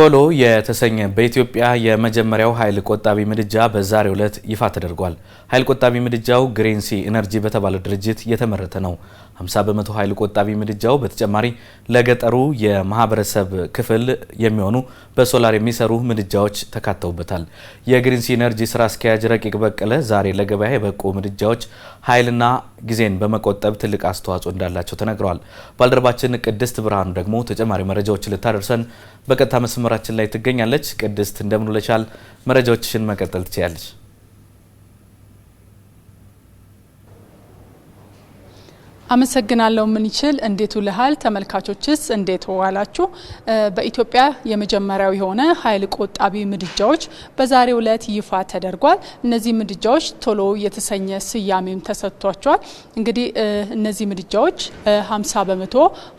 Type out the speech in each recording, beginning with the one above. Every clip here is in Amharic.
ቶሎ የተሰኘ በኢትዮጵያ የመጀመሪያው ኃይል ቆጣቢ ምድጃ በዛሬው ዕለት ይፋ ተደርጓል። ኃይል ቆጣቢ ምድጃው ግሬንሲ ኢነርጂ በተባለ ድርጅት የተመረተ ነው። 50 በመቶ ኃይል ቆጣቢ ምድጃው በተጨማሪ ለገጠሩ የማህበረሰብ ክፍል የሚሆኑ በሶላር የሚሰሩ ምድጃዎች ተካተውበታል። የግሪንሲ ኢነርጂ ስራ አስኪያጅ ረቂቅ በቀለ ዛሬ ለገበያ የበቁ ምድጃዎች ኃይልና ጊዜን በመቆጠብ ትልቅ አስተዋጽኦ እንዳላቸው ተነግረዋል። ባልደረባችን ቅድስት ብርሃኑ ደግሞ ተጨማሪ መረጃዎች ልታደርሰን በቀጥታ መስመር መስመራችን ላይ ትገኛለች። ቅድስት እንደምንውለሻል። መረጃዎችሽን መቀጠል ትችያለች። አመሰግናለሁ ምንይችል እንዴት ውልሃል? ተመልካቾችስ እንዴት ዋላችሁ? በኢትዮጵያ የመጀመሪያው የሆነ ኃይል ቆጣቢ ምድጃዎች በዛሬው ዕለት ይፋ ተደርጓል። እነዚህ ምድጃዎች ቶሎ የተሰኘ ስያሜም ተሰጥቷቸዋል። እንግዲህ እነዚህ ምድጃዎች 50 በመቶ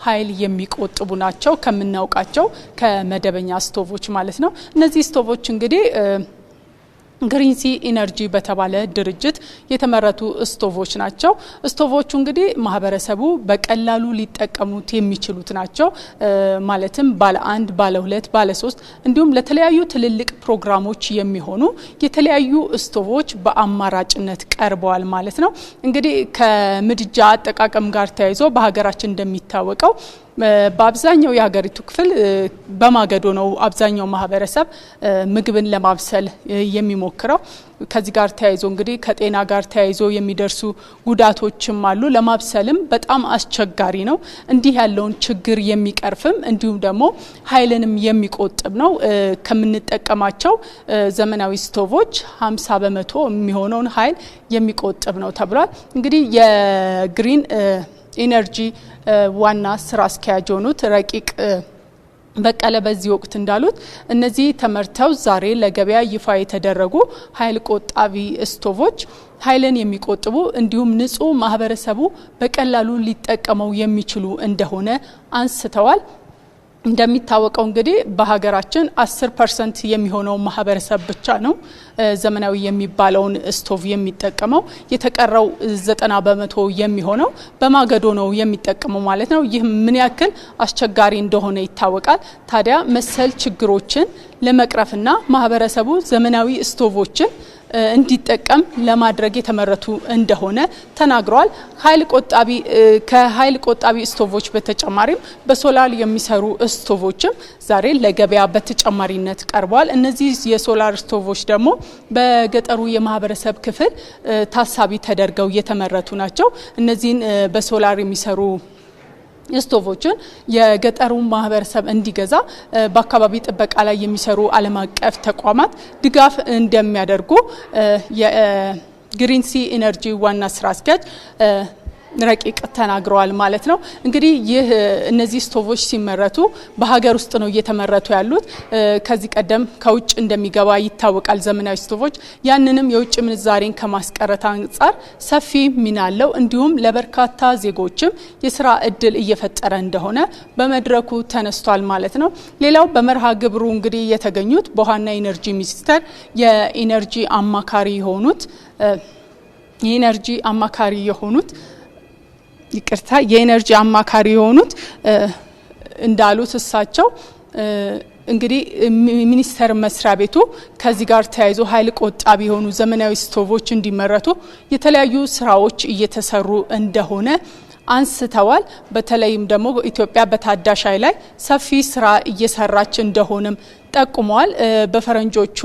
ኃይል የሚቆጥቡ ናቸው ከምናውቃቸው ከመደበኛ ስቶቮች ማለት ነው። እነዚህ ስቶቮች እንግዲህ ግሪንሲ ኢነርጂ በተባለ ድርጅት የተመረቱ ስቶቮች ናቸው። ስቶቮቹ እንግዲህ ማህበረሰቡ በቀላሉ ሊጠቀሙት የሚችሉት ናቸው። ማለትም ባለ አንድ፣ ባለ ሁለት፣ ባለ ሶስት እንዲሁም ለተለያዩ ትልልቅ ፕሮግራሞች የሚሆኑ የተለያዩ ስቶቮች በአማራጭነት ቀርበዋል ማለት ነው። እንግዲህ ከምድጃ አጠቃቀም ጋር ተያይዞ በሀገራችን እንደሚታወቀው በአብዛኛው የሀገሪቱ ክፍል በማገዶ ነው አብዛኛው ማህበረሰብ ምግብን ለማብሰል የሚሞክረው። ከዚህ ጋር ተያይዞ እንግዲህ ከጤና ጋር ተያይዞ የሚደርሱ ጉዳቶችም አሉ። ለማብሰልም በጣም አስቸጋሪ ነው። እንዲህ ያለውን ችግር የሚቀርፍም እንዲሁም ደግሞ ኃይልንም የሚቆጥብ ነው። ከምንጠቀማቸው ዘመናዊ ስቶቮች 50 በመቶ የሚሆነውን ኃይል የሚቆጥብ ነው ተብሏል። እንግዲህ የግሪን ኢነርጂ ዋና ስራ አስኪያጅ የሆኑት ረቂቅ በቀለ በዚህ ወቅት እንዳሉት እነዚህ ተመርተው ዛሬ ለገበያ ይፋ የተደረጉ ኃይል ቆጣቢ ስቶቮች ኃይልን የሚቆጥቡ እንዲሁም ንጹህ ማህበረሰቡ በቀላሉ ሊጠቀመው የሚችሉ እንደሆነ አንስተዋል። እንደሚታወቀው እንግዲህ በሀገራችን አስር ፐርሰንት የሚሆነው ማህበረሰብ ብቻ ነው ዘመናዊ የሚባለውን ስቶቭ የሚጠቀመው። የተቀረው ዘጠና በመቶ የሚሆነው በማገዶ ነው የሚጠቀመው ማለት ነው። ይህ ምን ያክል አስቸጋሪ እንደሆነ ይታወቃል። ታዲያ መሰል ችግሮችን ለመቅረፍና ማህበረሰቡ ዘመናዊ ስቶቮችን እንዲጠቀም ለማድረግ የተመረቱ እንደሆነ ተናግረዋል። ኃይል ቆጣቢ ከኃይል ቆጣቢ ስቶቮች በተጨማሪም በሶላር የሚሰሩ ስቶቮችም ዛሬ ለገበያ በተጨማሪነት ቀርበዋል። እነዚህ የሶላር ስቶቮች ደግሞ በገጠሩ የማህበረሰብ ክፍል ታሳቢ ተደርገው የተመረቱ ናቸው። እነዚህን በሶላር የሚሰሩ ስቶቮችን የገጠሩን ማህበረሰብ እንዲገዛ በአካባቢ ጥበቃ ላይ የሚሰሩ ዓለም አቀፍ ተቋማት ድጋፍ እንደሚያደርጉ የግሪንሲ ኢነርጂ ዋና ስራ አስኪያጅ ረቂቅ ተናግረዋል ማለት ነው። እንግዲህ ይህ እነዚህ ስቶቮች ሲመረቱ በሀገር ውስጥ ነው እየተመረቱ ያሉት። ከዚህ ቀደም ከውጭ እንደሚገባ ይታወቃል ዘመናዊ ስቶቮች። ያንንም የውጭ ምንዛሬን ከማስቀረት አንጻር ሰፊ ሚና አለው። እንዲሁም ለበርካታ ዜጎችም የስራ እድል እየፈጠረ እንደሆነ በመድረኩ ተነስቷል ማለት ነው። ሌላው በመርሃ ግብሩ እንግዲህ የተገኙት በውሃና ኢነርጂ ሚኒስቴር የኢነርጂ አማካሪ የሆኑት የኢነርጂ አማካሪ የሆኑት ይቅርታ የኤነርጂ አማካሪ የሆኑት እንዳሉት እሳቸው እንግዲህ ሚኒስቴር መስሪያ ቤቱ ከዚህ ጋር ተያይዞ ኃይል ቆጣቢ የሆኑ ዘመናዊ ስቶቮች እንዲመረቱ የተለያዩ ስራዎች እየተሰሩ እንደሆነ አንስተዋል። በተለይም ደግሞ ኢትዮጵያ በታዳሽ ኃይል ላይ ሰፊ ስራ እየሰራች እንደሆነም ጠቁመዋል። በፈረንጆቹ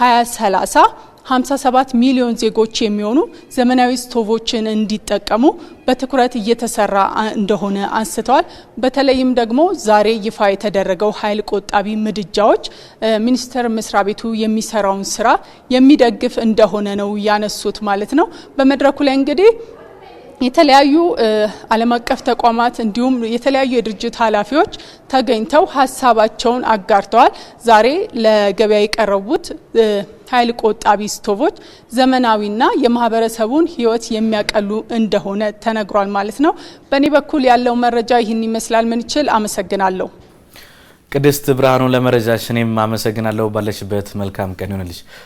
2030 57 ሚሊዮን ዜጎች የሚሆኑ ዘመናዊ ስቶቮችን እንዲጠቀሙ በትኩረት እየተሰራ እንደሆነ አንስተዋል። በተለይም ደግሞ ዛሬ ይፋ የተደረገው ኃይል ቆጣቢ ምድጃዎች ሚኒስቴር መስሪያ ቤቱ የሚሰራውን ስራ የሚደግፍ እንደሆነ ነው ያነሱት ማለት ነው። በመድረኩ ላይ እንግዲህ የተለያዩ ዓለም አቀፍ ተቋማት እንዲሁም የተለያዩ የድርጅት ኃላፊዎች ተገኝተው ሀሳባቸውን አጋርተዋል። ዛሬ ለገበያ የቀረቡት ኃይል ቆጣቢ ስቶቮች ዘመናዊና የማህበረሰቡን ሕይወት የሚያቀሉ እንደሆነ ተነግሯል ማለት ነው። በእኔ በኩል ያለው መረጃ ይህን ይመስላል። ምንችል አመሰግናለሁ። ቅድስት ብርሃኑ ለመረጃ ሽኔም አመሰግናለሁ። ባለሽበት መልካም ቀን ይሆንልሽ።